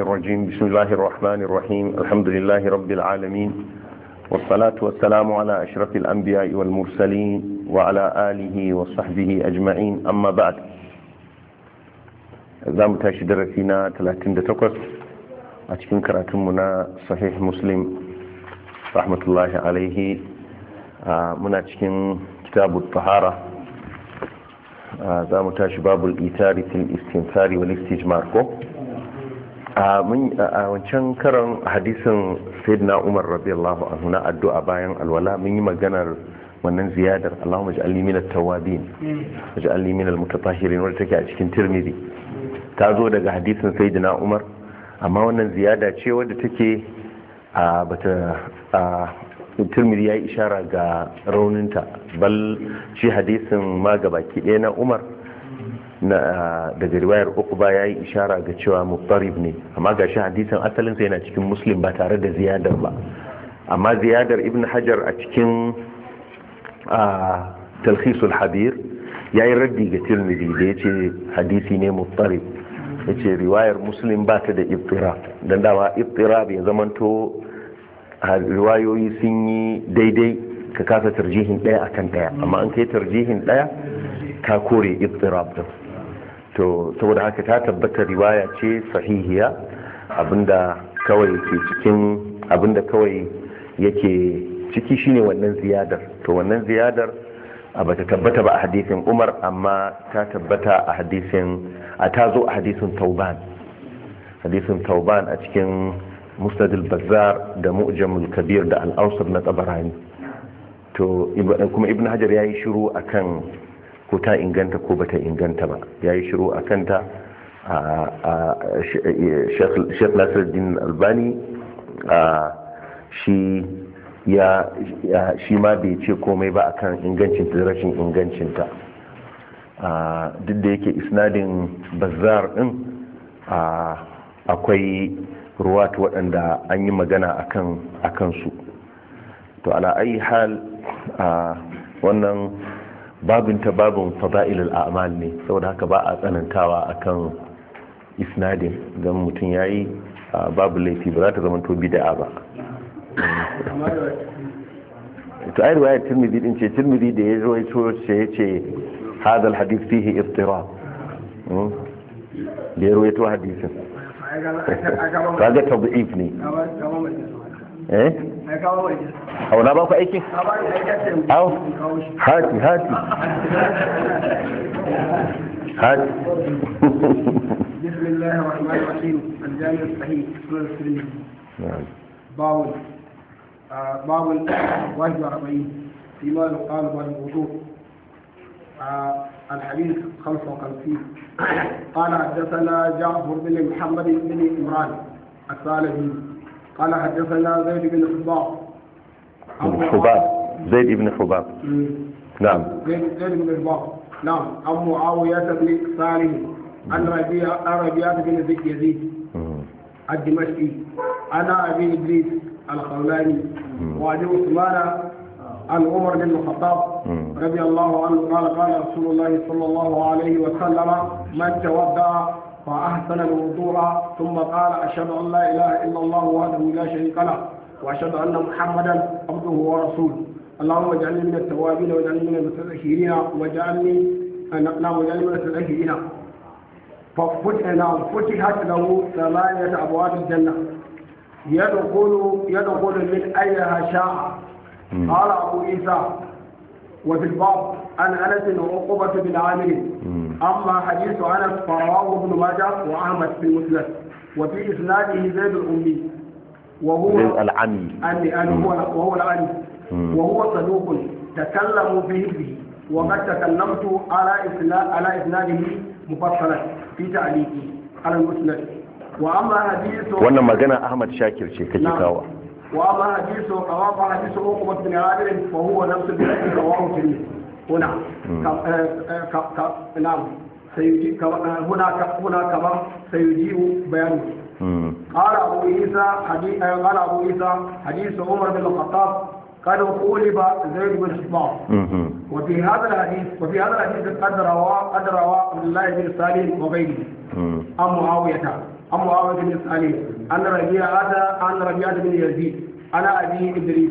الرجيم بسم الله الرحمن الرحيم الحمد لله رب العالمين والصلاة والسلام على أشرف الأنبياء والمرسلين وعلى آله وصحبه أجمعين أما بعد زام تاشي تلاتين 38 أتكن كراتمنا صحيح مسلم رحمة الله عليه آه، منا تكن كتاب الطهارة زام آه، تاشي باب الإيثار في الاستنثار والاستجمار كو a wancan karan hadisin sayyidina umar radiyallahu anhu na addu'a bayan alwala mun yi maganar wannan ziyadar Allahumma ij'alni min at-tawwabin waj'alni min al-mutatahhirin wadda take a cikin Tirmidhi ta zo daga hadisin sayyidina Umar amma wannan ziyada ce wadda take a bata a Tirmidhi yayi ishara ga rauninta bal shi hadisin ma gabaki ɗaya na Umar daga riwayar uku ya yi ishara ga cewa muttarib ne amma gashi hadisin asalin sa yana cikin muslim ba tare da ziyadar ba amma ziyadar ibn hajar a cikin talhisul habir yi raddi ga tirmidhi da ya ce hadisi ne Ya ce riwayar muslim ba ta da ibtirab don dawa ibtirab ya zamanto riwayoyi sun yi daidai ka kasa tarjihin daya akan daya amma an kai tarjihin daya ka kore ibtirab din to saboda haka ta tabbata riwaya ce sahihiya abinda kawai ke cikin abinda kawai yake ciki shine wannan ziyadar to wannan ziyadar a bata tabbata ba a hadisin umar amma ta tabbata a hadisin a ta zo a hadisin tauban hadisin tauban a cikin mustadil bazar da mu'jamul kabir da al'ausar na tsabarani to kuma ibn hajar ya yi shiru akan ko ta inganta ko bata inganta ba ya yi shiru a kanta a shek nasiruddin albani shi ya shi ma bai ce komai ba akan ingancinta da rashin ingancinta duk da yake isnadin bazar din akwai ruwa ta waɗanda an yi magana kan su to ala ayi hal wannan babin ta babin fada'ilul a'mal ne saboda haka ba a tsanantawa akan isnadin don mutum ya yi babu laifi ba za ta zama to bida'a ba to ai ruwaya tirmidhi din ce tirmidhi da ya ya ce yace hadha alhadith fihi iftirab hmm? da ya rawaito hadisin ga tabu'if ne ايه او na ba ku او هاتي هاتي هاتي بسم الله الرحمن الرحيم الجامع الصحيح سورة السلمي نعم. باول آه، باول واحد وأربعين فيما يقال بالوضوء آه، الحديث 55 قال حدثنا جعفر بن محمد بن عمران الثالثين قال حدثنا زيد بن حباب بن حباب نعم. زيد بن حباب نعم زيد بن حباب نعم عن معاوية بن سالم عن ربيعة بن يزيد الدمشقي أنا أبي إدريس الخولاني وعن عثمان عن عمر بن الخطاب رضي الله عنه قال قال رسول الله صلى الله عليه وسلم من تودع فأحسن الوضوء ثم قال أشهد أن لا إله إلا الله وحده لا شريك له وأشهد أن محمدا عبده ورسوله اللهم اجعلني من التوابين واجعلني من المتذكرين واجعلني نعم واجعلني من المتذكرين ففتحت له ثمانية أبواب الجنة يدخل يدخل من أيها شاء قال أبو عيسى وفي الباب عن أنس وعقبة بن عامر أما حديث أنس فرواه ابن ماجه وأحمد في مسلم وفي إسناده زيد الأمي وهو العمي أني هو وهو العمي وهو صدوق تكلموا به به وقد تكلمت على على إسناده مفصلا في تعليقي على المسند وأما حديث وأنا جانا أحمد شاكر شيخ كاوا وأما حديث رواه حديث عقبة بن عامر فهو نفس الذي رواه الترمذي هنا آه، آه، نعم آه، هنا هنا كما سيجيب بيانه قال أبو عيسى حديث قال أبو عيسى حديث عمر بن الخطاب قد قولب زيد بن حمار وفي هذا الحديث وفي هذا الحديث قد روى قد روى عبد الله بن سالم وغيره عن معاوية عن معاوية بن سالم أن ربيعة أن ربيعة بن يزيد انا أبي إدريس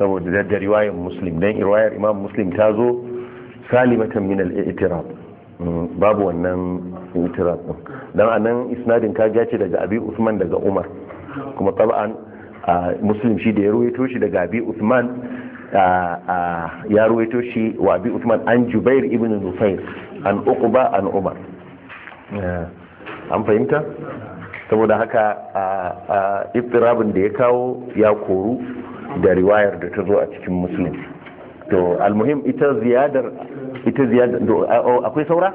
saboda da riwayar muslim don riwayar imam muslim ta zo salimatan min al-i'tirab mm, babu wannan i'tirab din dan anan isnadin ka gace daga abi usman daga umar kuma taban muslim shi da ya ruwaito shi daga abi usman ya ruwaito shi wa abi usman an jubair ibn nufair an uqba an umar eh, an fahimta saboda haka iftirabin da ya kawo ya koru da riwayar da ta zo a cikin musulun to almuhim ita ziyadar ita ziyadar akwai saura?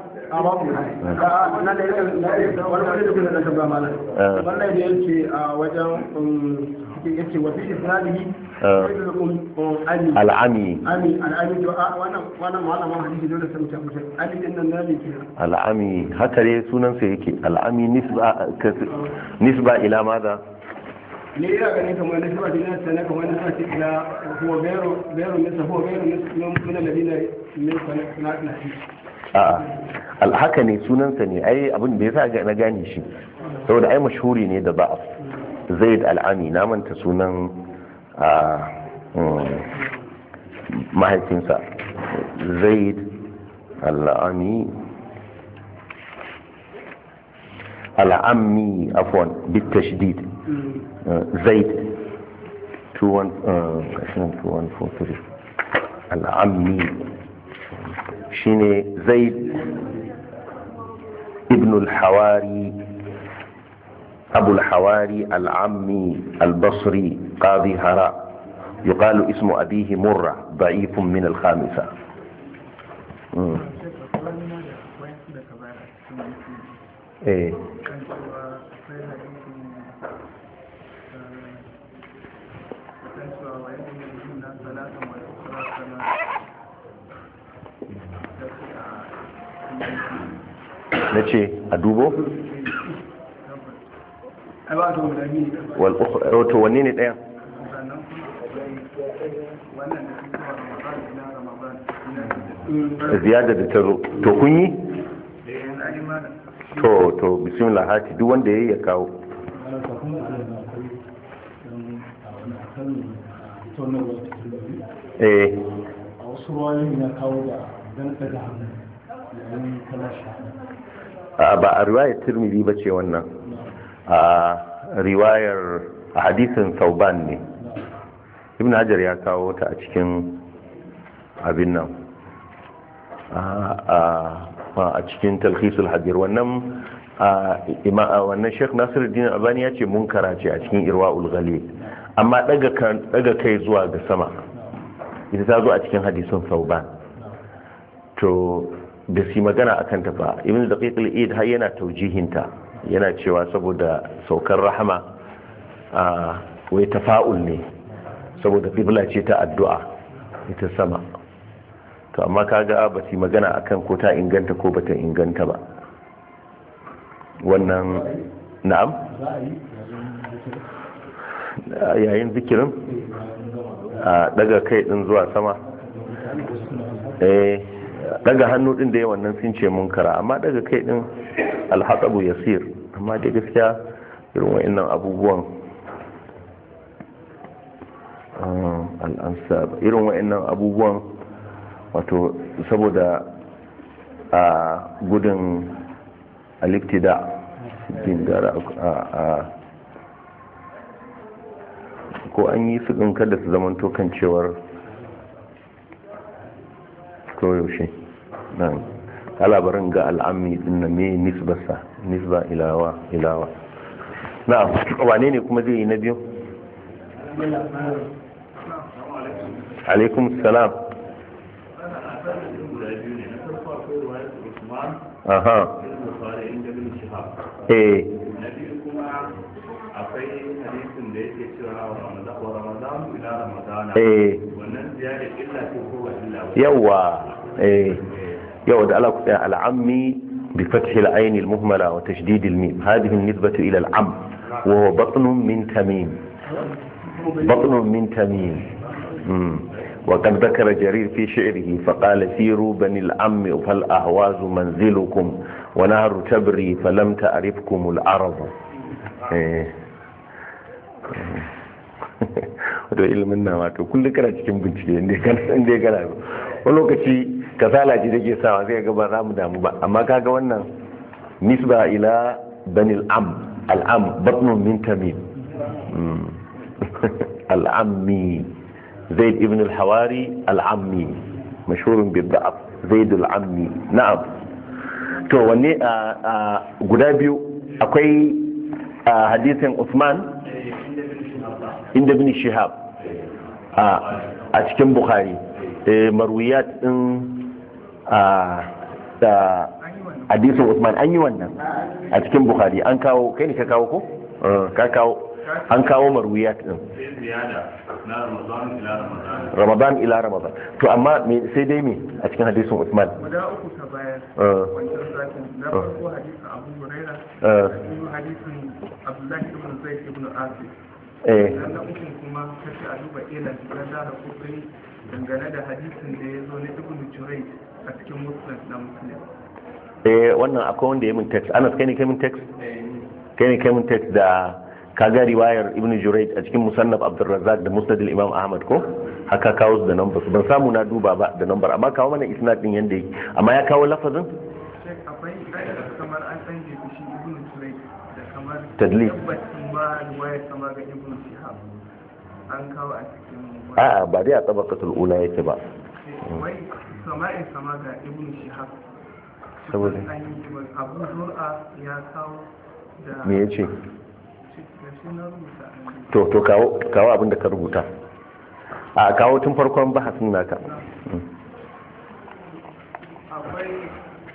al'ami al'ami haka dai sunansa yake al'ami nisba ila maza ne ina ganin kamar na sabati na sana kamar na sabati na huwa bayro bayro min huwa bayro min alladina min sana na shi a'a alhaka ne sunansa ne ai abin da yasa ga na gane shi saboda ai mashuri ne da ba'af zaid al'ami na manta sunan a mm, mahaifinsa zaid al'ami al'ammi afwan bit tashdid mm. آه، زيد 2143 آه، العمي شيني زيد ابن الحواري أبو الحواري العمي البصري قاضي هراء يقال اسم أبيه مرة ضعيف من الخامسة ايه صلاة والأخرى كما نتي أدوبو والأخرى أوتو ونيني الآن ziyada da ta to kun yi? to to bismillah hati duk wanda ya yi ya kawo eh a wasu kawo da ba a riwayar tirmidhi ba ce wannan a riwayar a hadisin sauban ne ibn hajar ya kawo ta a cikin abin nan a cikin talhisul hadir wannan wannan sheikh nasiruddin albani ya ce mun karace a cikin irwa ulgali amma daga kai zuwa ga sama ita ta zo a cikin hadisin sauban to da su magana a kanta ba ibn da id har yana taujihinta yana cewa saboda saukar rahama a wai tafa'ul ne saboda qibla ce ta addu'a ita sama to amma ga ba su magana akan ko ta inganta ko bata inganta ba wannan na'am yayin zikirin eh, a daga kai din zuwa sama eh daga hannu din da wannan sun ce mun kara, amma daga kai din alhaqabu yasir amma da gaskiya irin wa'annan abubuwan um, irin wa'annan abubuwan wato saboda a gudun aliftida gingara a ko an yi su ɗin kada su zama tokan cewar koyaushe nan alabarin ga al'ammi ɗin na mai nisbasa nisba ilawa ilawa na wane ne kuma zai yi na biyu alaikum salam aha eh akwai eh yawa eh yawa da بفتح العين المهملة وتشديد الميم هذه النسبة إلى العم وهو بطن من تميم بطن من تميم وقد ذكر جرير في شعره فقال سيروا بني العم فالأهواز منزلكم ونهر تبري فلم تعرفكم العرب إيه. wato ilimin na wato kullum kana cikin bincike inda ya kana wani lokaci kasala ce sa sawa sai ga ba za mu damu ba amma kaga wannan nisba ila am al'am al'am batnun min tamim mm. al'ammi zaid ibn al-hawari al'ammi mashhurun bi da'af zaid al-ammi na'am to wanne guda biyu akwai hadisin usman inda bin shihab a cikin bukari eh, marwiyat din da hadisin usman an yi wannan a cikin bukari an kawo kai ne ka kawo ko eh, ka kawo an kawo marwiyat din ramadan ila ramadan to amma sai dai me a cikin hadisin usman eh. hadisin abdullahi ibn zaid eh dangane da hadisin da ya zo na ibn jurai a cikin muslim na muslim eh, wannan akwai wanda ya min text anas kai ne kai min text eh, kai ne kai min text da kaga riwayar ibn jurai a cikin musannaf abdurrazzaq da musnad imam ahmad ko haka kawo su da number ban samu na duba ba da number amma kawo mana isnad din yanda yake amma ya kawo lafazin akwai kamar an san shi ibn jurai da kamar tadlis ba riwayar kamar ga ibn an a cikin a'a ba dai a tabaqatul ula yake ba eh, wai ya kawo to to kawo kawo abin da ka rubuta a kawo tun farkon bahasin naka mm. akwai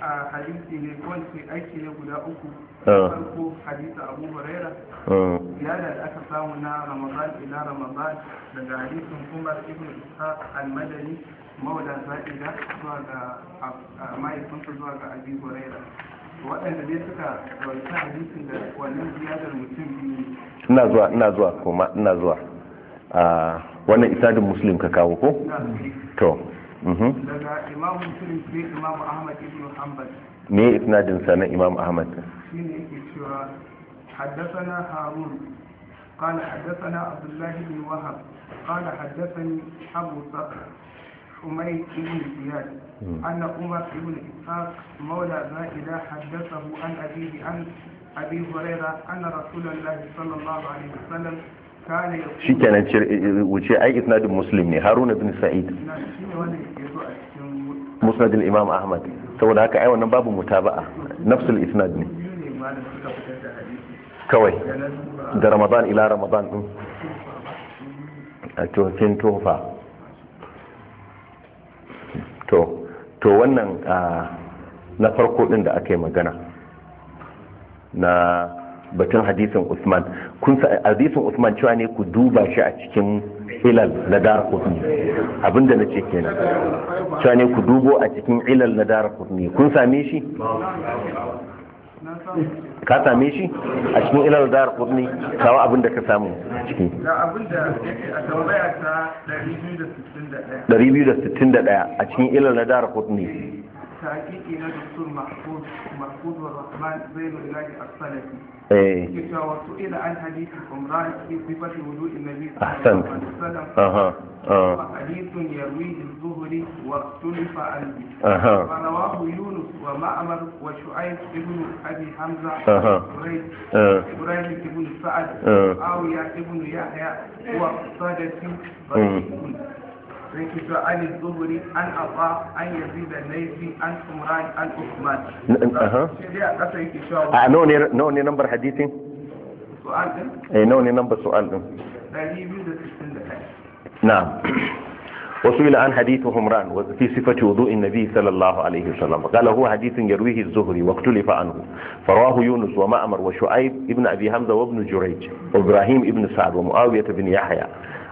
a hadisi ne kawai aiki ne guda uku ah. farko hadisi abu huraira ah. ziyara da aka samu na ramadan ila ramadan daga hadisin umar ibn ishaq al-madani mawla za'ida zuwa ga mahaifinsa zuwa ga abi huraira waɗanda dai suka rawaita hadisin da wannan ziyarar mutum biyu ina zuwa ina zuwa kuma ina zuwa ah, wannan isadin muslim ka kawo ko to Mhm. daga imam musulun ne imam ahmad ibn hanbal ne isnadin sa imam ahmad shi ne yake cewa haddasana harun kala haddasana abdullahi bin wahab kala haddasani abu umay ibn ziyad hmm. anna umar ibn ishaq mawla za'ida haddathahu an abihi an abi hurayra anna rasulullahi sallallahu alaihi wasallam shi kenan wuce ai isnadin muslim ne haruna bin sa'id musnadin imam ahmad saboda haka ai wannan babu mutaba'a nafsul isnad ne kawai da ramadan ila ramadan din a cikin tofa to to wannan ah, na farko din da aka yi magana na batun hadisin Usman kun sa hadisin Usman cewa ne ku duba shi a cikin ilal na kutni abinda nace kenan cewa ne ku dubo a cikin ilal na kutni kun same shi ka same shi a cikin ilal dar kutni kawo abinda ka samu ciki da 261 a cikin ilal na dara rukuni ايه وسئل عن حديث حمراء في صفه وضوء النبي صلى الله عليه وسلم اها اه حديث يرويه الظهري واختلف عنه اها فرواه يونس ومأمر وشعيب ابن ابي حمزه اها أه. ابراهيم ابن سعد معاويه أه. ابن يحيى أه. واقتدت عن الزهري عن عطاء عن يزيد الليثي عن عمران عن عثمان اها اه نو نمبر حديثي سؤال ده ايه, إيه، نمبر سؤال نعم وسئل عن حديث همران في صفة وضوء النبي صلى الله عليه وسلم قال هو حديث يرويه الزهري واختلف عنه فراه يونس ومأمر وشعيب ابن أبي حمزة وابن جريج وإبراهيم ابن سعد ومعاوية بن يحيى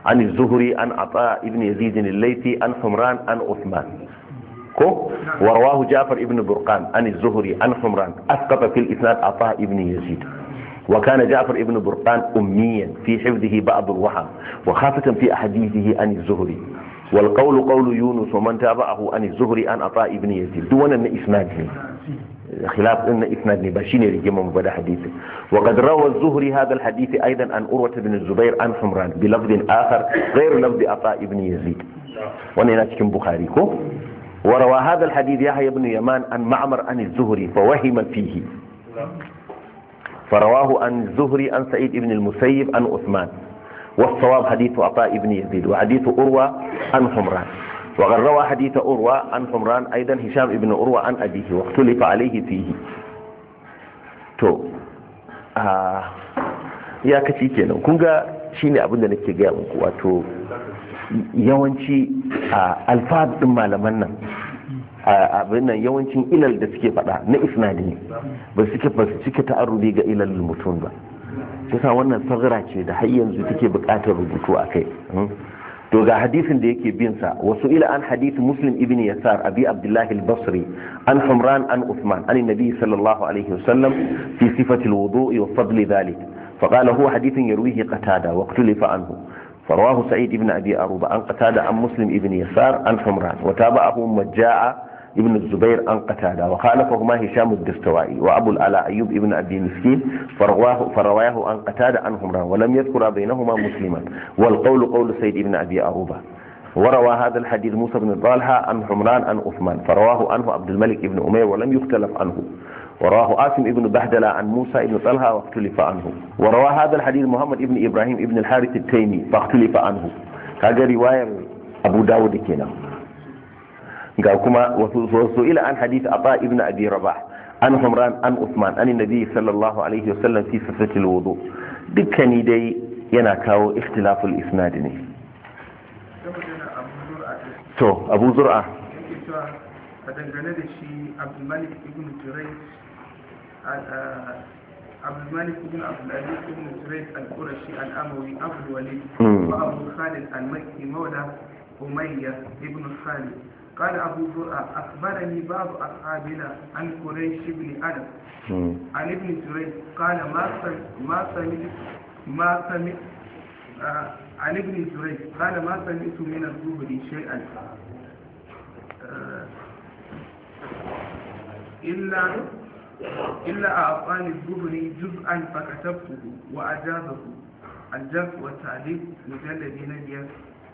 عن الزهري عن عطاء ابن يزيد الليثي عن حمران عن عثمان كو ورواه جعفر ابن برقان عن الزهري عن حمران أسقط في الإسناد عطاء ابن يزيد وكان جعفر ابن برقان أميا في حفظه بعض الوهم وخاصة في أحاديثه عن الزهري والقول قول يونس ومن تابعه عن الزهري عن عطاء ابن يزيد دون أن إسناده خلاف ان اثنان باشين يرجمهم بدا حديثه وقد روى الزهري هذا الحديث ايضا عن اروة بن الزبير عن حمران بلفظ اخر غير لفظ عطاء بن يزيد وانا كم بخاريكو وروى هذا الحديث يحيى بن يمان عن معمر عن الزهري فوهم فيه فرواه عن الزهري عن سعيد بن المسيب عن عثمان والصواب حديث عطاء بن يزيد وحديث اروى عن حمران وقد روى حديث أروى عن حمران أيضا هشام ابن أروى عن أبيه واختلف عليه فيه تو يا ya kaci شيني kun ga shine abin da nake gaya muku wato yawanci a alfahad malaman nan abin nan yawancin ilal da suke faɗa na isnadi ne ba suke ba su cike ta'arrubi ga ilal mutum ba kusa wannan sagra ce da har yanzu take buƙatar rubutu a kai to ga hadisin da yake bin sa wasu ila an hadisi muslim ibn yasar abi abdullahi al-basri an humran an uthman an nabi sallallahu alaihi wasallam fi sifati al-wudu'i wa fadli dhalik فقال هو حديث يرويه قتادة واختلف عنه فرواه سعيد بن أبي أروبة عن قتادة عن مسلم بن يسار عن حمران وتابعه مجاعة ابن الزبير عن قتادة وخالفهما هشام الدستوائي وأبو الألا أيوب ابن أبي مسكين فرواه, فرواه عن قتادة عن عمران ولم يذكر بينهما مسلما والقول قول سيد ابن أبي أروبة وروى هذا الحديث موسى بن الضالحة عن عمران عن عثمان فرواه عنه عبد الملك بن أمير ولم يختلف عنه وراه آسم ابن بهدلة عن موسى ابن طلحة واختلف عنه وروى هذا الحديث محمد ابن إبراهيم ابن الحارث التيمي فاختلف عنه هذا رواية أبو داود كنا ga kuma wasu ila an hadith aba ibn abi rabah an humran an usman an nabi sallallahu alaihi wasallam fi sifatil wudu dukkani dai yana kawo ikhtilaful isnad ne to abu zur'a a dangane da shi abdulmalik ibn turai abdulmalik ibn abdulaziz ibn turai al-qurashi al-amawi abdul walid hmm. wa abu khalid al-makki mawla umayya ibn khalid قال أبو زرعة أخبرني بعض أصحابنا عن قريش بن أدم عن ابن سريج قال ما سمعت ما سمعت ما سمعت آه عن ابن سريج قال ما سمعت من الزهري شيئا آه إلا إلا أعطاني الزهري جزءا فكتبته وأجازه الجزء والتعليق مجلد نبيه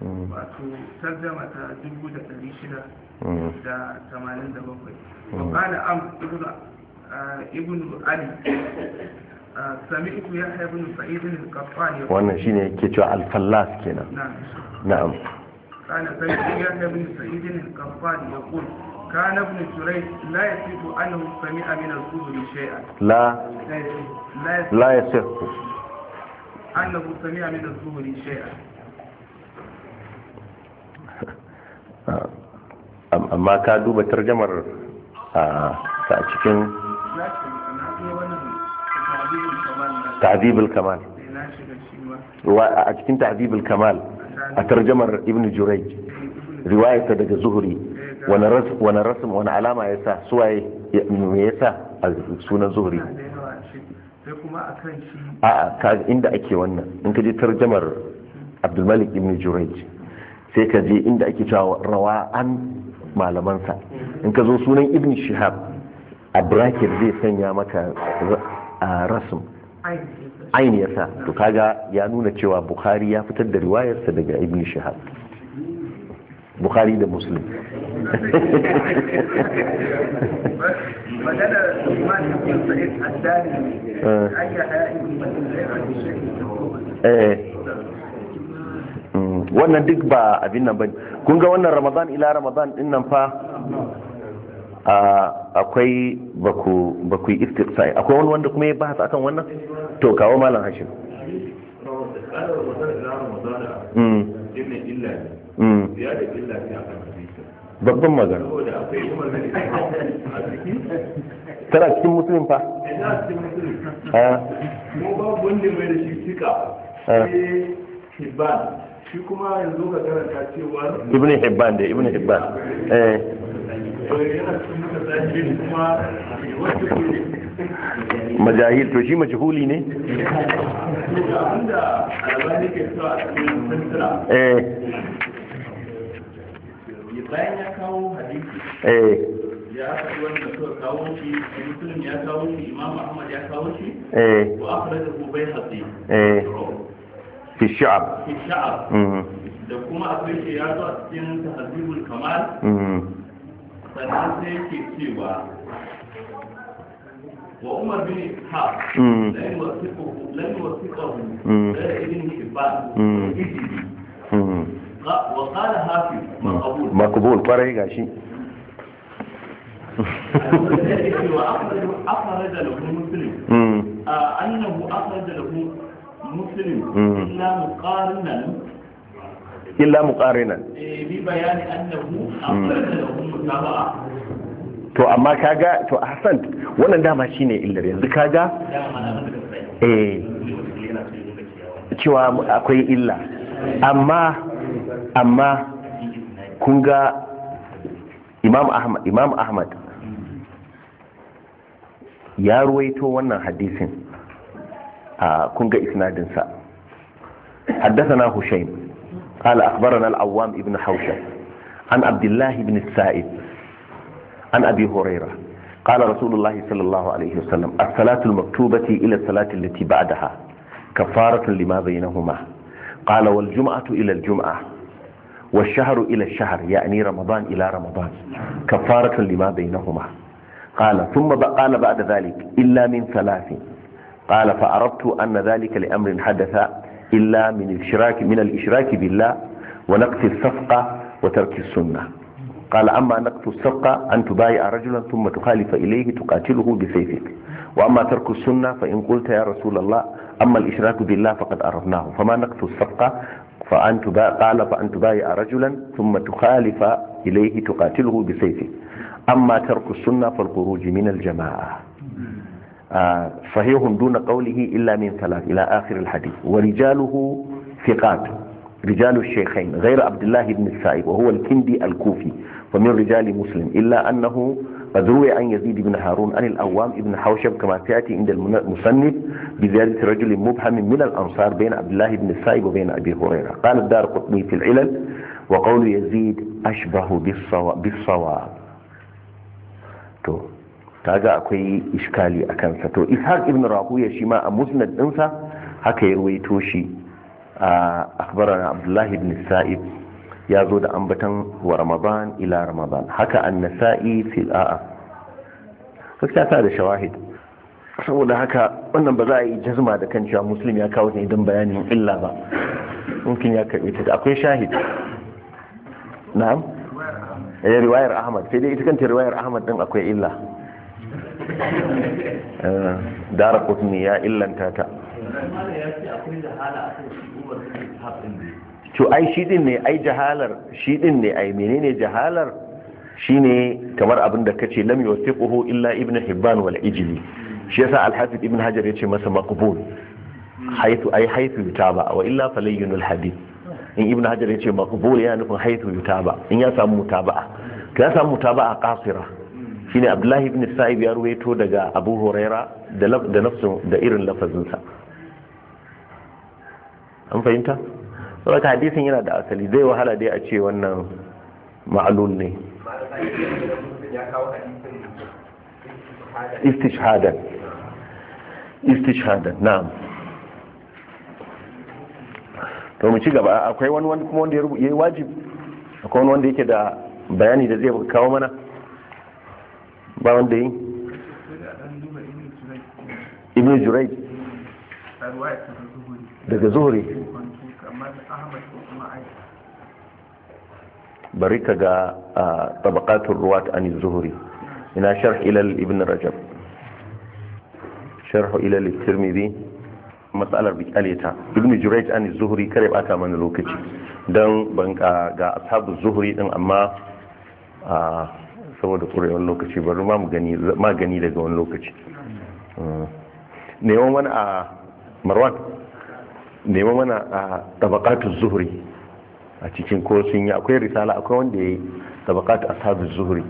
Mm. wato tarjama ta 687 mm. mm. wakala am Ibnu uh, ali uh, sami'tu yahya ibn sa'id al-qahtani wannan shine yake cewa al-fallas kenan na'am قال سمعت يحيى بن سعيد القفاري يقول كان ابن جريج لا يصح انه سمع من الكبر شيئا لا لا يصح انه سمع من الكبر شيئا Ah, amma ka duba tarjamar ah, a cikin tahdibul kamal a cikin tahdibul kamal a tarjamar ibn jurayj riwayata daga zuhuri wani wani alama ya sa suwaye me ya sa a sunan zuhuri a inda ake wannan in ka je tarjamar abdulmalik ibn jurai sai ka je inda ake cewa rawa an malamansa in ka zo sunan ibn shihab a bracket zai sanya maka a rasim aini yasa to kaga ya nuna cewa bukhari ya fitar da riwayarsa daga ibn shihab bukhari da muslim eh, eh. wannan duk ba abin nan bane kun ga wannan ramadan ila ramadan din nan fa akwai baku baku iftisai akwai wani wanda kuma ya ba akan wannan to kawo malam hashim hmm. Hmm. babban magana tana cikin musulun fa a ah. babu wanda mai da shi shi kuma yanzu ga karanta cewa ibn hibban da eh. majahil to shi majhuli ne eh bayan ya kawo eh. ya ya ya eh في الشعب في الشعر لكم أبريشياتو أتين تحذيب الكمال فنانسي في السيوة وعمر بن إسحاق لن يوثقه لن يوثقه لا إذنه إباده وقال هافي مقبول مقبول فرعي غاشي وأخرج أخرج له مسلم آه، أنه أخرج له مسلم إلا مقارنا إلا ببيان أنه to amma kaga to Hassan wannan dama shi shine illar yanzu kaga eh cewa akwai illa amma amma kun ga Imam Ahmad Imam Ahmad ya ruwaito wannan hadisin آه، كنغا إسنادنسا حدثنا هشيم قال أخبرنا العوام ابن حوشة عن عبد الله بن السائب عن أبي هريرة قال رسول الله صلى الله عليه وسلم الصلاة المكتوبة إلى الصلاة التي بعدها كفارة لما بينهما قال والجمعة إلى الجمعة والشهر إلى الشهر يعني رمضان إلى رمضان كفارة لما بينهما قال ثم قال بعد ذلك إلا من ثلاث قال فأردت أن ذلك لأمر حدث إلا من الإشراك من الإشراك بالله ونقص الصفقة وترك السنة قال أما نقص الصفقة أن تبايع رجلا ثم تخالف إليه تقاتله بسيفك وأما ترك السنة فإن قلت يا رسول الله أما الإشراك بالله فقد أردناه فما نقص الصفقة فأن تبايع قال فأن تبايع رجلا ثم تخالف إليه تقاتله بسيفك أما ترك السنة فالخروج من الجماعة sahihun duna qawlihi illa min salat ila akhir al-hadith wa rijaluhu thiqat رجال الشيخين غير عبد الله بن السائب وهو الكندي الكوفي ومن رجال مسلم إلا أنه قد روي عن يزيد بن هارون عن الأوام بن حوشب كما تأتي عند المصنف بزيادة رجل مبهم من الأنصار بين عبد الله بن السائب وبين أبي هريرة قال الدار قطني في العلل وقول يزيد أشبه بالصواب, بالصواب. kaga akwai iskali a kansa to ishaq ibn rahuya shi ma a musnad ɗinsa haka ya ruwaito shi a akbaran abdullahi ibn sa'id ya zo da ambatan wa ramadan ila ramadan haka annasa'i fil a'a gaskiya ta da shawahid saboda haka wannan ba za a yi jazma da kan cewa muslim ya kawo ne don bayanin illa ba mumkin ya karbi ta akwai shahid na'am eh, riwayar ahmad sai dai ita kanta riwayar ahmad din akwai illa Eh, dara kutni ya illanta ta to ai shi din ne ai jahalar shi din ne ai menene jahalar shine kamar abin da kace lam yusiquhu illa ibnu hibban wal ijli shi yasa al-hafiz ibn hajar yace masa maqbul haythu ai haythu yutaba wa illa al hadith in ibn hajar yace maqbul yana nufin haythu yutaba in ya samu mutaba'a ka ya samu mutaba'a qasira shine abdullahi ibn sa'ib ya ruwaito daga abu huraira da nafsu da irin lafazinsa an fahimta saboda hadisin yana da asali zai wahala dai a ce wannan ma'alul ne istishhadan istishhadan na'am to mu ci gaba akwai wani wanda kuma wanda ya yi wajib akwai wani wanda yake da bayani da zai kawo mana ba wanda yi ibn jurai daga zuhuri bari ka ga tabakatun ruwat an zuhuri ina sharh ilal ibn rajab sharh ilal tirmidhi matsalar bikaleta ibn jurai an zuhuri kare bata mana lokaci don ban ga ashabu zuhuri din amma saboda ƙurewar lokaci bari magani daga wani lokaci neman wani a marwan neman wani a tabakatun zuhuri a cikin ko sun yi akwai risala akwai wanda ya yi tabakatun asabin zuhuri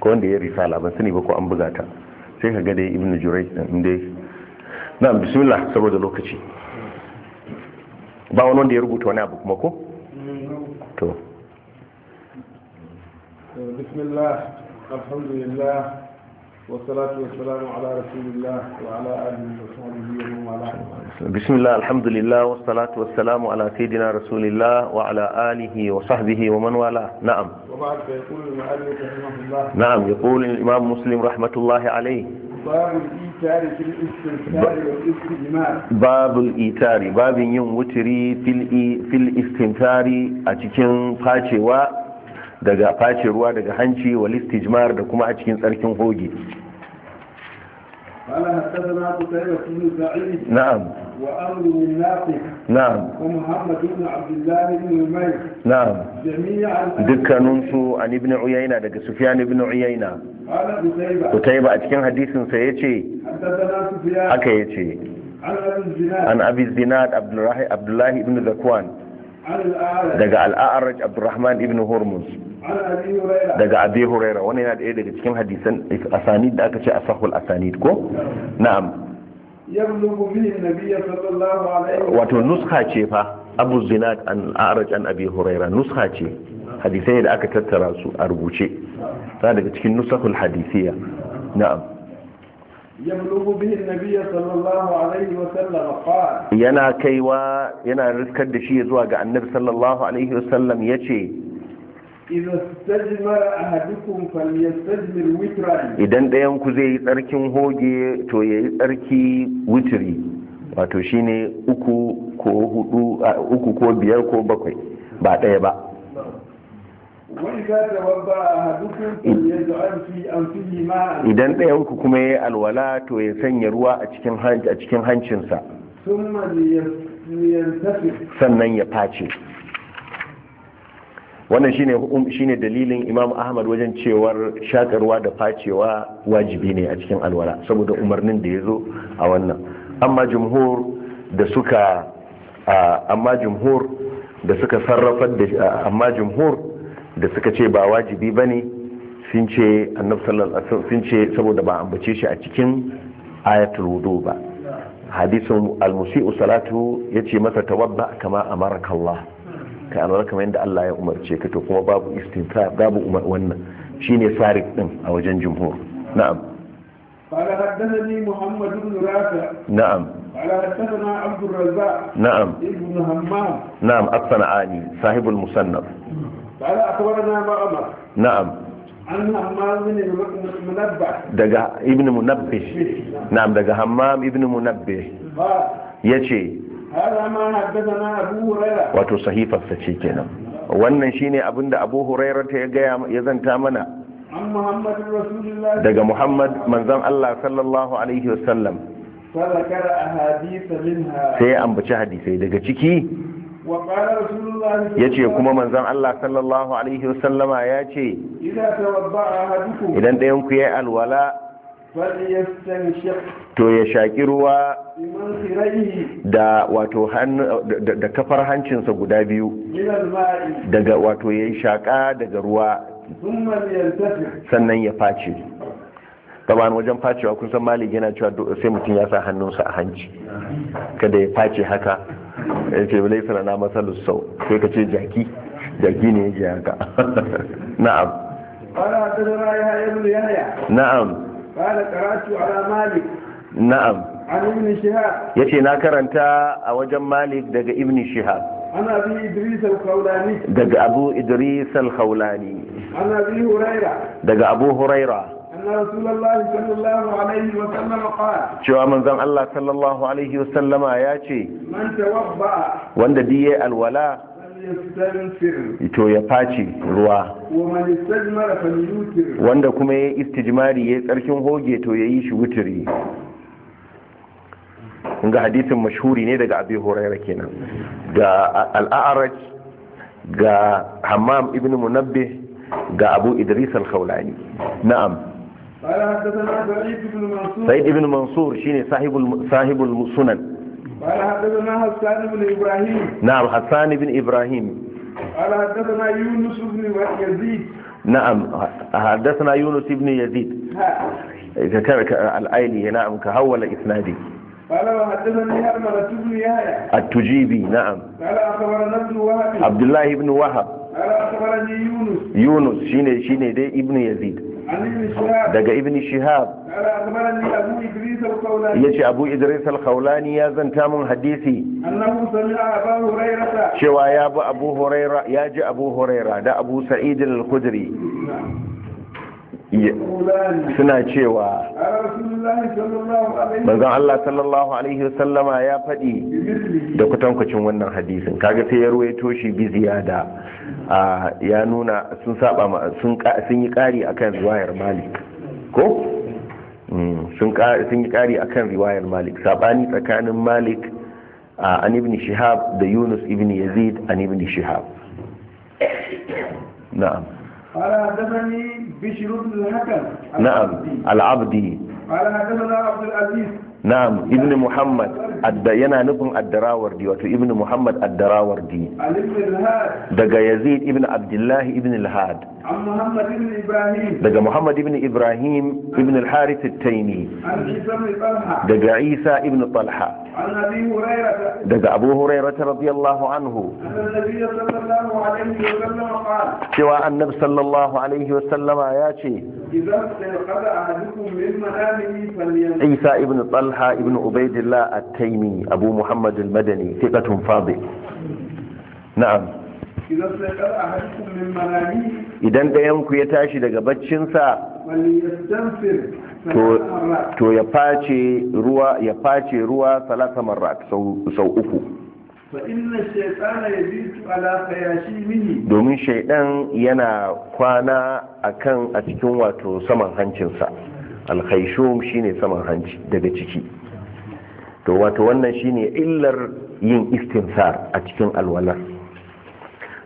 ko wanda ya yi risala ban sani ba ko an buga ta sai ka gada ibn jurai inda na bismillah saboda lokaci ba wani wanda ya rubuta wani abu kuma ko to بسم الله الحمد لله والصلاة والسلام على رسول الله وعلى آله وصحبه ومن والاه بسم الله الحمد لله والصلاة والسلام على سيدنا رسول الله وعلى آله وصحبه ومن والاه نعم وبعد فيقول المؤلف رحمه الله نعم يقول الإمام مسلم رحمة الله عليه باب الإيتار في الاستمتار والاستجمار باب الإيتار باب ينوتري في, الإي... في الاستمتار أتكين فاتوا daga face ruwa daga hanci wa listijmar da kuma a cikin tsarkin hoge na'am wa amru min na'am na'am jami'an daga sufyan ibn uyayna qala a cikin hadisin sa Aka ya ce. an abi zinad Abdullahi ibn zakwan daga al-a'raj abdurrahman ibn hurmuz daga abi huraira wani yana daya daga cikin hadisan asanid da aka ce asahul asanid ko na'am wato nuska ce fa abu zinad an araj an abi huraira nuska ce hadisai da aka tattara su a rubuce ta daga cikin nusakul hadisiya na'am yana kaiwa yana riskar da shi zuwa ga annabi sallallahu alaihi wasallam yace idan ɗayan ku zai yi tsarkin hoge to ya yi tsarki witiri wato shine uku uku ko biyar ko bakwai ba ɗaya ba idan ɗayan ku kuma ya yi alwala to ya sanya ruwa a cikin hancinsa sannan ya face wannan shine shine dalilin imam ahmad wajen cewar shakarwa da facewa wajibi ne a cikin alwala saboda umarnin da ya zo a wannan amma jumhur da suka amma jumhur da suka sarrafar da amma jumhur da suka ce ba wajibi bane sun ce annabi sallallahu sun ce saboda ba ambace shi a cikin ayatul wudu ba hadisin al-musi'u salatu yace masa tawabba kama amaraka Allah ka anwar kamar yadda Allah ya umarce ka to kuma babu istinsa babu umar wannan shine sarik ɗin a wajen jumhur na'am qala haddathani muhammad ibn rafi na'am qala haddathana abd arrazzaq na'am ibn hammam na'am as-sana'ani sahib al-musannaf qala akhbarana ma'amar na'am An daga ibn munabbih na'am daga hammam ibn ya ce. wato sahifarsa ce kenan wannan shine abinda abu huraira ta ya gaya ya zanta mana daga muhammad manzan allah sallallahu alaihi wasallam sai ya ambaci hadisai daga ciki ya ce kuma manzan allah sallallahu alaihi wasallama ya ce idan ɗayan ku ya yi alwala to ya shaƙi ruwa da wato da kafar hancinsa guda biyu daga wato ya yi shaƙa daga ruwa sannan ya face taban wajen facewa kun san malik yana cewa sai mutum ya sa hannunsa a hanci kada ya face haka ya ce laifin na masa sau sai ka ce jaki jaki ne ya haka na'am na'am قال قرات على مالك نعم عن ابن شهاب يتي ناكرنتا أوجم مالك دغ ابن شهاب انا ابي ادريس الخولاني دغ ابو ادريس الخولاني انا ابي هريره دغ ابو هريره ان رسول الله صلى الله عليه وسلم قال شو من زم الله صلى الله عليه وسلم ياتي من توضأ وند دي الولاء to ya faci ruwa wanda kuma ya istijmari ya tsarkin hoge to ya yi shi wuturi ga hadisin mashuri ne daga abi horaira kenan ga al'a'araj ga hammam ibn Munabbe, ga abu idris al-khawlani na'am sai ibn mansur shine sahibul sunan قال حدثنا حسان بن إبراهيم نعم حسان بن إبراهيم قال حدثنا يونس بن يزيد نعم حدثنا يونس بن يزيد الأيلي نعم كهول إسنادي قال وحدثني هرملة بن يحيى التجيبي نعم قال أخبرنا ابن وهب عبد الله بن وهب قال أخبرني يونس يونس شيني شيني دي ابن يزيد daga ibn shihab ya ce abu idris al-khawlani ya zanta mun hadisi cewa ya bi abu huraira ya ji abu huraira da abu sa'id al-khudri suna cewa manzon Allah sallallahu alaihi wasallama ya faɗi da kutankucin wannan hadisin kaga sai ya ruwaito shi bi ziyada ya nuna sun saba ma sun yi kari akan riwayar malik ko mm, sun yi kari akan riwayar malik sabani tsakanin malik an ibn shihab da yunus ibn yazid an ibn shihab na'am قال حدثني بشر بن الحكم نعم العبدي قال حدثنا عبد العزيز na'am ibn muhammad yana nufin addarawardi wato ibn muhammad addarawardi daga yazid ibn abdullahi ibn al-had daga muhammad ibn ibrahim ibn al-harith at daga isa ibn talha daga abu hurairata radiyallahu anhu cewa annabi sallallahu alaihi wasallama ya ce isa ibn talha ibn ubaidillah at-taimi abu muhammad al-madani fiqatun fadi na'am idan ɗayanku ya tashi daga baccinsa to ya face ruwa ya face ruwa salasa marrat sau uku domin shaidan yana kwana akan a cikin wato saman hancinsa alkhaishum shine saman hanci daga ciki to wato wannan shine illar yin istinsar a cikin alwalar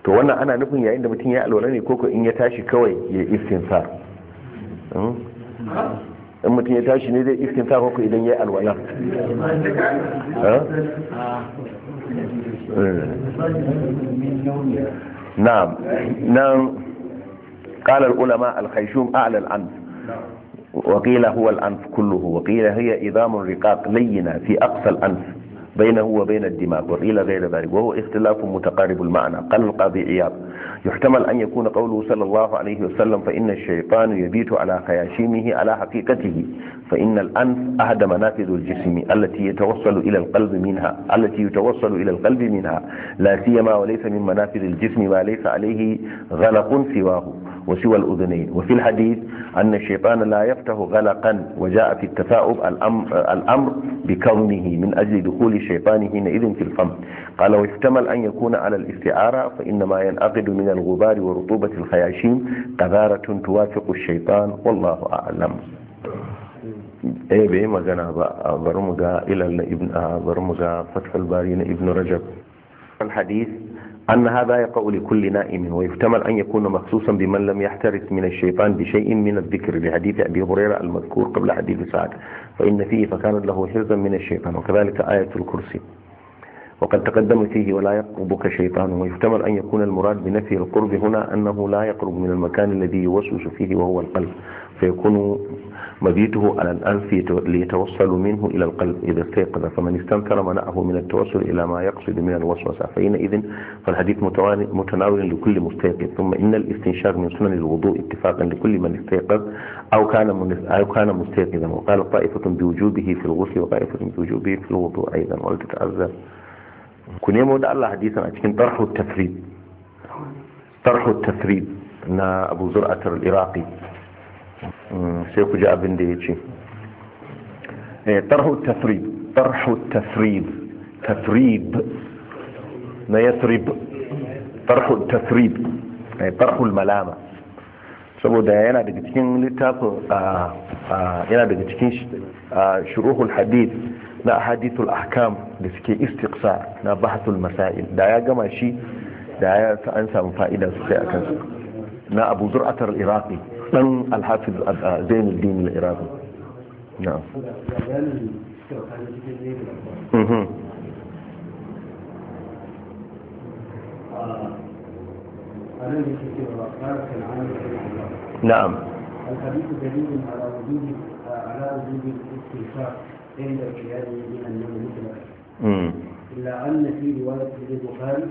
to wannan ana nufin yayin da mutum ya alwala ne koko in ya tashi kawai ya istinsar hmm? in mutum ya tashi ne zai iskin sa ko idan ya yi alwala na'am nan qala al-ulama al-khayshum a'la al-anf وقيل هو الأنف كله وقيل هي إذام الرقاق لينة في أقصى الأنف بينه وبين الدماغ وقيل غير ذلك وهو اختلاف متقارب المعنى قال القاضي عياض يحتمل أن يكون قوله صلى الله عليه وسلم فإن الشيطان يبيت على خياشيمه على حقيقته فإن الأنف أحد منافذ الجسم التي يتوصل إلى القلب منها التي يتوصل إلى القلب منها لا سيما وليس من منافذ الجسم ما ليس عليه غلق سواه وسوى الأذنين وفي الحديث أن الشيطان لا يفتح غلقا وجاء في التثاؤب الأمر الأمر بكونه من أجل دخول الشيطان حينئذ في الفم قال ويحتمل أن يكون على الاستعارة فإنما ينعقد من الغبار ورطوبة الخياشيم قذارة توافق الشيطان والله أعلم أي بي ما ba برمجا إلى ابن برمجا فتح na ابن رجب الحديث أن هذا يقع لكل نائم ويحتمل أن يكون مخصوصا بمن لم يحترس من الشيطان بشيء من الذكر لحديث أبي هريرة المذكور قبل حديث سعد فإن فيه فكان له حرزا من الشيطان وكذلك آية الكرسي وقد تقدم فيه ولا يقربك شيطان ويحتمل أن يكون المراد بنفي القرب هنا أنه لا يقرب من المكان الذي يوسوس فيه وهو القلب فيكون مبيته على الأنف ليتوصل منه إلى القلب إذا استيقظ فمن استنكر منعه من التوصل إلى ما يقصد من الوسوسة فحينئذ فالحديث متناول لكل مستيقظ ثم إن الاستنشاق من سنن الوضوء اتفاقا لكل من استيقظ أو كان أو كان مستيقظا وقال طائفة بوجوبه في الغسل وطائفة بوجوبه في الوضوء أيضا ولتتعذر كنيمو ده الله حديثا لكن طرح التفريد طرح التفريد ان أبو زرعة العراقي Mm, sai ku ji abin da ya ce eh, tarhu tasrib tarhu tasrib tasrib na yasrib tarhu tasrib eh, tarhu malama saboda yana daga cikin littafin yana daga cikin shuruhul hadith na hadithul ahkam da suke istiqsa na bahatul masail da ya gama shi da ya an samu fa'ida sosai a kansu na abu zur'atar iraqi dan alhafiz zain al-din al-iraqi na'am نعم الحديث دليل على وجود على وجود الاستنشاق عند القيادة من النوم مطلقا الا ان في روايه البخاري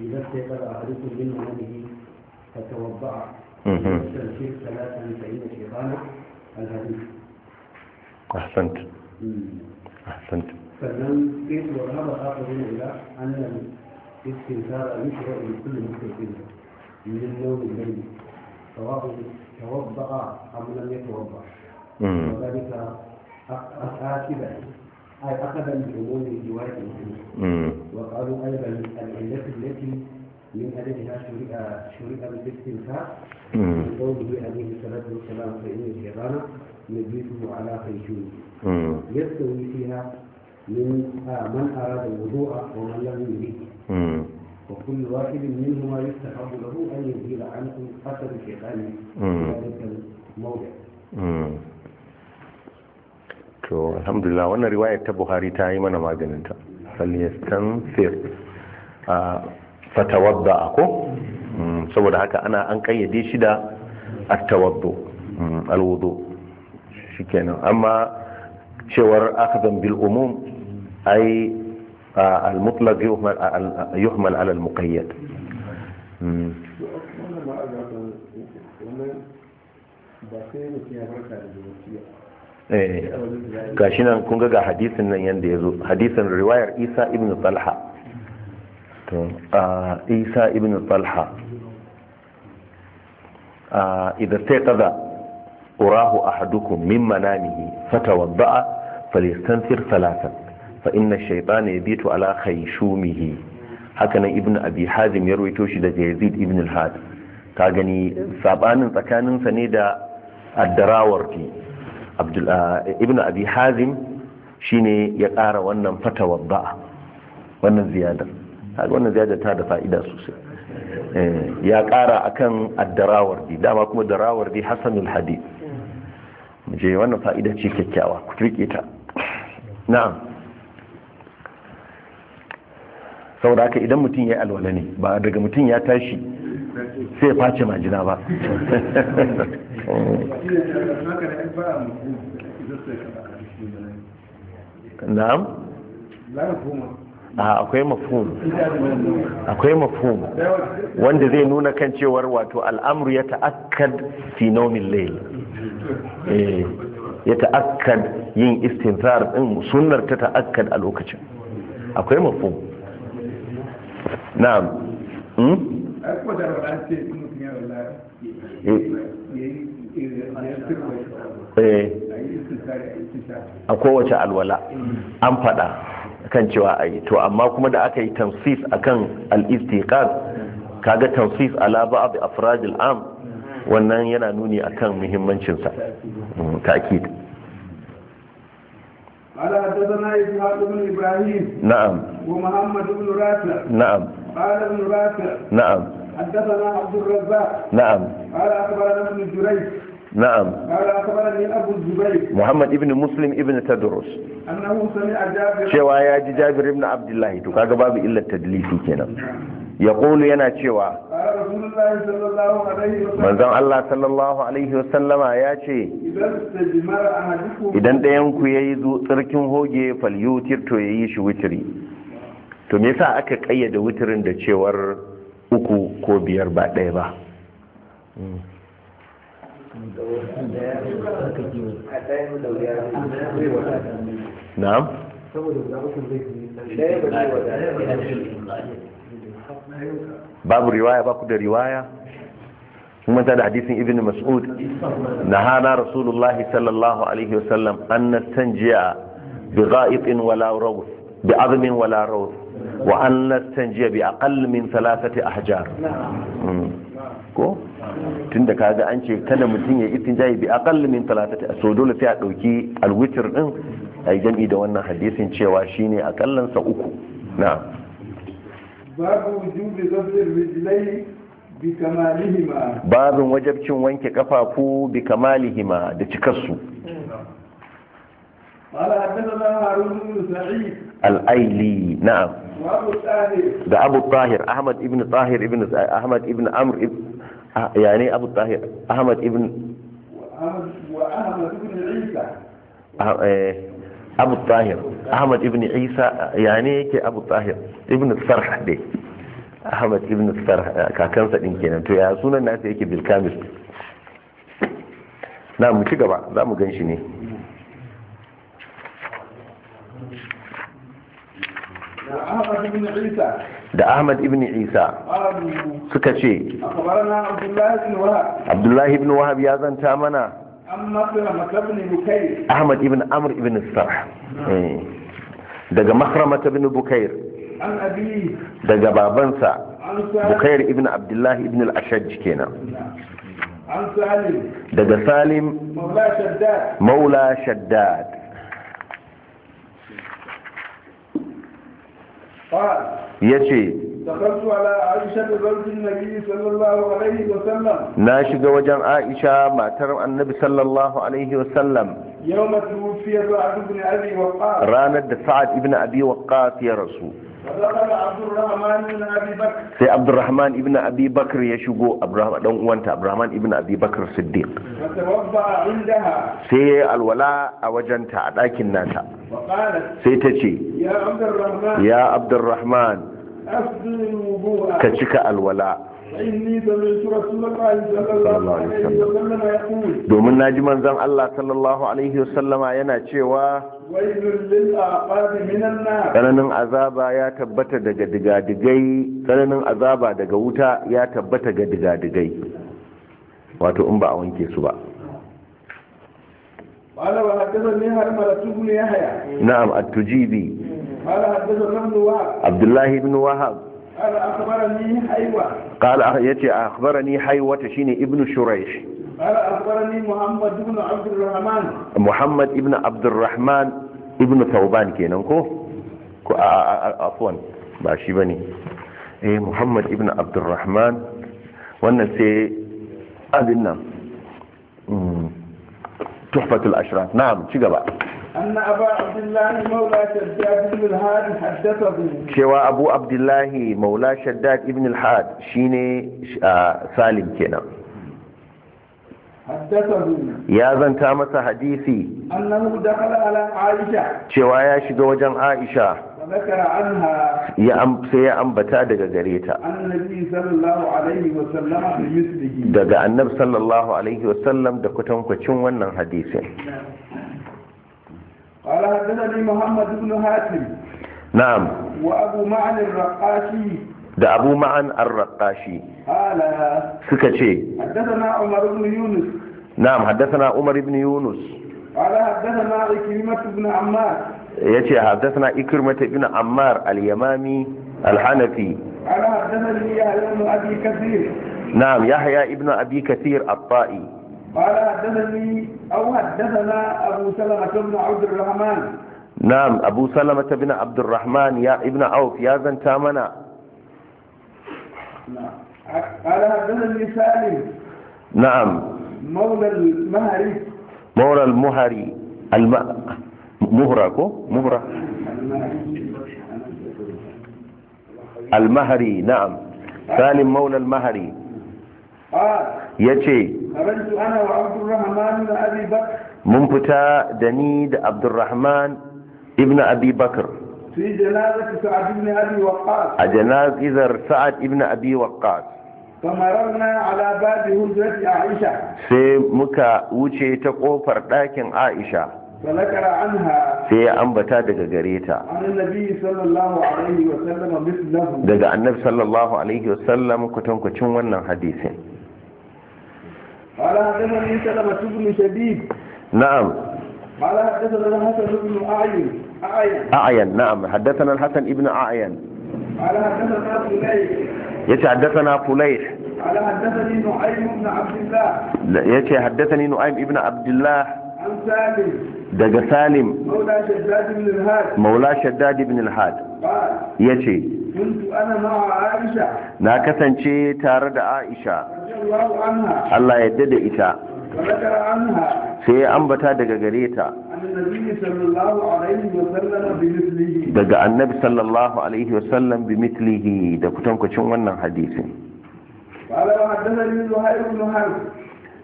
اذا استيقظ احدكم من نومه فتوضا تلفيق أحسنت أحسنت فلم كيف هذا آخرين إلى أن الاستنزار يشعر بكل مستقبل من نوم الليل توضأ أم لم يتوضأ وذلك آكدا أي أخذا من عموم رواية وقالوا أيضا العلة التي من أدبها شرع شرع بالاستنفاء من قوله عليه الصلاة والسلام فإن الشيطان نجده على خيشوم يستوي فيها من من أراد الوضوء ومن لم يريد وكل واحد منهما يستحب له أن يزيل عنه أثر الشيطان في ذلك الموضع to alhamdulillah wannan riwayar ta buhari ta yi mana maganinta fal yastanfir fatawadda ko mm, saboda haka ana an kayyade shi da attawaddo mm, alwudu shikenan amma cewar akhdan bil umum ai al-mutlaq yuhmal ala al-muqayyad mm. eh, gashi nan kun ga hadisin nan yadda ya zo hadisin riwayar isa ibn talha isa ibn talha idan sai kaza urahu ahadukum min manamihi fatawadda'a falyastanfir salatan fa inna ash-shaytana yabitu ala khayshumihi hakanan ibn abi hazim ya ruwaito shi daga yazid ibn al-had ka gani sabanin tsakaninsa ne da addarawarti ibn abi hazim shine ya ƙara wannan fatawadda'a wannan ziyadar har wannan ziyarar ta da fa'ida sosai eh, ya kara akan addarawar di dama kuma darawar di hasanul hadi je wannan fa'ida ce kyakkyawa ku rike ta na'am saboda haka idan mutum ya alwala ne ba daga mutum ya tashi sai ya face majina ba na'am akwai mafhum akwai mafhum wanda zai nuna kan cewar wato al'amru ya ta'akkad fi naumin layl eh, ya ta'akkad yin istinzar din sunnar ta ta'akkad a lokacin akwai mafhum na'am hmm? Eh, a kowace alwala an fada kan cewa a yi to amma kuma da aka yi tamsis akan al-istiqad kaga tamsis ala ba'd a al-am wannan yana nuni akan muhimmancin sa mm, ta'kid قال حدثنا إسحاق بن إبراهيم نعم ومحمد بن na'am. نعم قال ابن رافع نعم حدثنا عبد الرزاق نعم قال أخبرنا ابن جريج نعم قال أخبرني أبو الزبير محمد ابن مسلم ابن تدرس أنه سمع جابر شوى يا جابر ابن عبد الله تو تكاك باب إلا التدليس كنا يقول ينا شوى قال رسول الله صلى الله عليه وسلم من زم الله صلى الله عليه وسلم يا شي إذا استجمر أحدكم إذا أنت ينكو يزو تركم هوجي فليوتر تو يعيش وتري تو ميسا yasa قيد وترن wutirin شوار cewar uku ko biyar ba ɗaya ba نعم باب الرواية باب الرواية رواية ومن هذا حديث ابن مسعود نهانا رسول الله صلى الله عليه وسلم أن نستنجي بغائط ولا روث بعظم ولا روث وأن نستنجي بأقل من ثلاثة أحجار نعم ko tun da kaga an ce kada mutum ya jayi bi aqall min talatati so dole sai a dauki alwitr din ai jami da wannan hadisin cewa shine akallan sa uku na babu wujubi ghusl rijlai bi kamalihima babin wajabcin wanke kafafu bi kamalihima da cikarsu Harun bin Sa'id al سعيد na'am نعم وابو الطاهر ده ابو الطاهر احمد ابن طاهر ibn احمد ibn عمرو يعني أبو الطاهر أحمد ابن وأحمد ابن عيسى أبو الطاهر أحمد ابن عيسى يعني كي أبو الطاهر ابن الصرح دي أحمد ابن الصرح كاكنسة إن كان تو يا سونا الناس يكي بالكامل نعم متجبع لا مجنشني أحمد ابن عيسى da Ahmad ibn Isa suka ce Abdullahi ibn Wahab ya zanta mana Ahmad ibn Amr ibn Sarh eh. daga Makhramata ibn Bukair daga babansa Bukair ibn Abdullahi ibn al-Ashaj kenan daga Salim Maula Shaddad ya ce na shiga wajen aisha matar annabi sallallahu alaihi wasallam ranar da sa'ad ibn abi waqqas ya rasu sai abdurrahman ibn abi bakr ya shigo dan uwanta abdurrahman ibn abi bakr siddiq sai ya yi alwala a wajenta a ɗakin nata sai ta ce ya abdurrahman ka cika alwala domin na ji manzan allah sallallahu alaihi wasallama yana cewa tsananin azaba ya tabbata daga digadigai tsananin azaba daga wuta ya tabbata ga digadigai wato in ba a wanke su ba قال وحدثني هرملة بن يحيى نعم التجيبي قال حدثنا ابن وهب عبد الله بن وهب قال أخبرني حيوة قال يتي أخبرني حيوة شيني ابن شريح قال أخبرني محمد بن عبد الرحمن محمد ابن عبد الرحمن ibn tauban kenan ko ko a afwan ba shi ba ne eh muhammad ibn abdurrahman wannan sai abin nan mm, tuhfatul ashraf na'am ci gaba anna abu abdullahi maula shaddad ibn al-had haddatha cewa abu abdullahi maula shaddad ibn al-had shine ah, salim kenan ya zanta masa hadisi cewa ya shiga wajen aisha sai ya ambata daga gare ta daga annab sallallahu alaihi wasallam da kwatankwacin wannan hadisin قال حدثني محمد بن هاتم نعم وابو معن الرقاشي da abu ma'an arraƙashi suka ce na'am haddasana umar ibn yunus ya ce haddasana ikirmata ibn ammar al-yamami al-hanafi na'am yahya ibn abi kathir al-ta'i قال حدثني أو حدثنا أبو سلمة بن عبد الرحمن نعم أبو سلمة بن عبد الرحمن يا ابن عوف يا زن تامنا قال حدثني سالم نعم مولى المهري مولى المهري الم... مهرك مهر المهري نعم سالم مولى المهري يجي خرجت انا وعبد الرحمن بن ابي بكر من فتى دنيد عبد الرحمن ابن ابي بكر a janazar sa'ad ibn abi waqqas famaranna ala babi hujrat aisha sai muka wuce ta kofar dakin aisha a anha sai ya ambata daga gare ta daga annabi sallallahu alaihi wa sallam kutankucin wannan hadisin na'am أعين نعم حدثنا الحسن ابن أعين على حدثنا فليح يتي حدثنا فليح على حدثني نعيم ابن عبد الله يتي حدثني نعيم ابن عبد الله عن سالم دقى سالم مولى شداد بن الهاد مولى شداد بن الهاد يتي كنت أنا مع عائشة نا شي تارد عائشة الله عنها الله يدد إتا فذكر عنها سي أنبتا دقى قريتا daga annabi sallallahu alaihi wasallam bi mitlihi da kutankacin wannan hadisin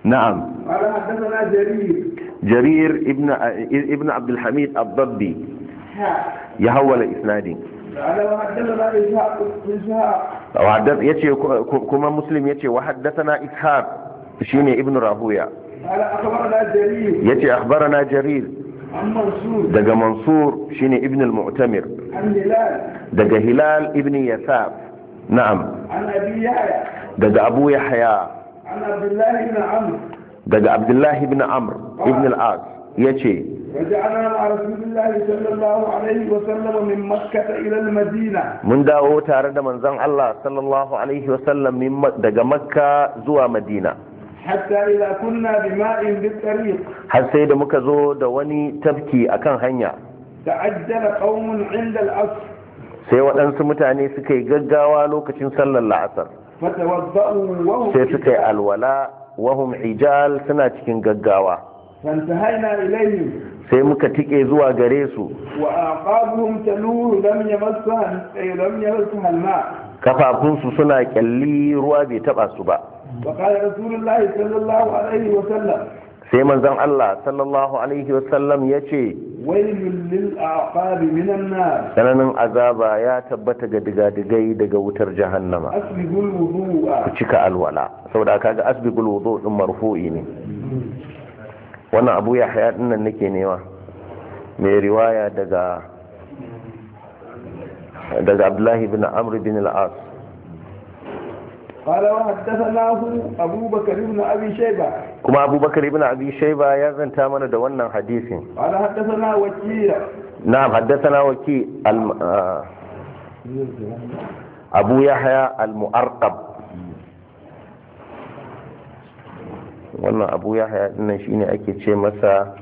na'am jarir ibn abdulhamid abdabbi ya hawala isnadin ya ce kuma muslim ya ce wa haddatana ishaq shine ibn rahuya ya ce akhbarana jarir daga mansur shine ibn al-mu'tamir daga hilal ibn yasab na'am daga abu yahya daga abdullahi ibn amr ibn al-as yace mun dawo tare da manzon Allah sallallahu alaihi wasallam daga makka zuwa madina hatta idza kunna bima'in bitariq har sai da muka zo da wani tafki akan hanya ta'ajjala qaumun 'inda al-'asr sai waɗansu mutane suka yi gaggawa lokacin sallar la'asar sai suka yi alwala wahum hijal suna cikin gaggawa sai muka tike zuwa gare su Wa kafafunsu suna kyalli ruwa bai taba su ba sai manzon Allah sallallahu alaihi wasallam ya ce tsananin azaba ya tabbata ga digadigai daga wutar jahannama ku cika alwala saboda kaga asbigul wudu din marfu'i ne wannan abu ya haya din nake newa mai riwaya daga Abdullahi bin Amr bin al kuma abubakar ibn abi ya zanta mana da wannan hadisin na haddasana waki abu ya haya al-mu'arqab wannan abu ya haya dinnan shine ake ce masa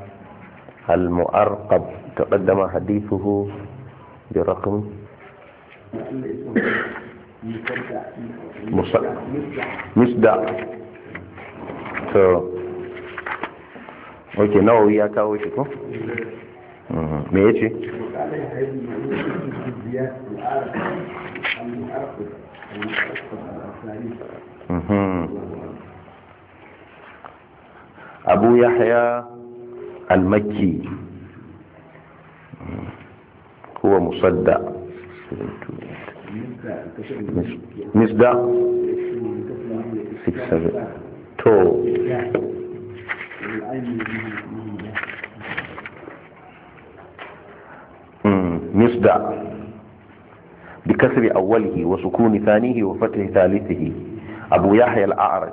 al-mu'arqab ta ƙaddama hadisuhu da rakam musda to ok nawawi ya kawo shi ko mhm. me ya ce mhm. abu haya al-makki kuwa mhm. musadda misda 6 مصدع بكسر أوله وسكون ثانيه وفتح ثالثه أبو يحيى الأعرج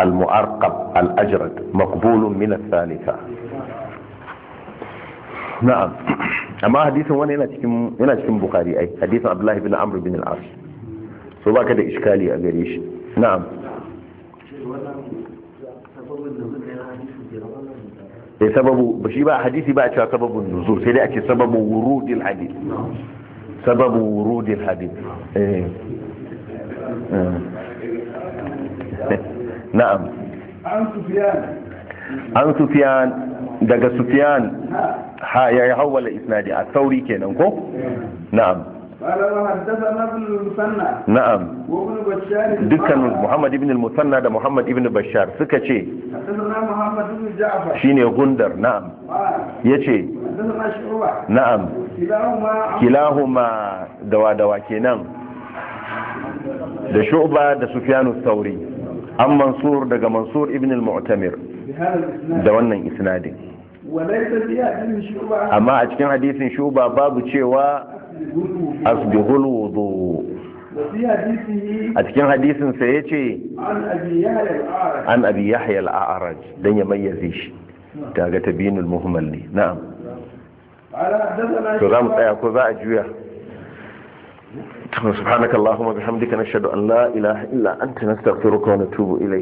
المؤرقب الأجرد مقبول من الثالثة na'am amma hadisin wani yana cikin yana cikin bukhari ai hadisin abdullah ibn amr ibn al-as so baka da iskali a gare shi na'am eh sababu ba shi ba hadisi ba a cewa sababun nuzul sai dai ake sababu wurudil hadith sababu wurudil hadith eh. eh na'am an sufyan an sufyan daga sufyan ya yi hawala isnadi a sauri kenan ko na'am na'am dukkan Muhammadu ibn al-musanna da Muhammadu ibn bashar suka ce shine gundar na'am ya ce na'am kilahuma dawa-dawa kenan da shu'ba da sufyanu sauri an mansur daga mansur ibn al-mu'tamir da wannan isnadin amma a cikin hadisin shuba babu cewa asbihul wudu a cikin hadisin sa yace an abi yahya al-a'raj dan ya mayyaze shi daga tabinul muhammal ne na'am to za mu tsaya ko za a juya سبحانك اللهم وبحمدك نشهد أن لا إله إلا أنت نستغفرك ونتوب إليك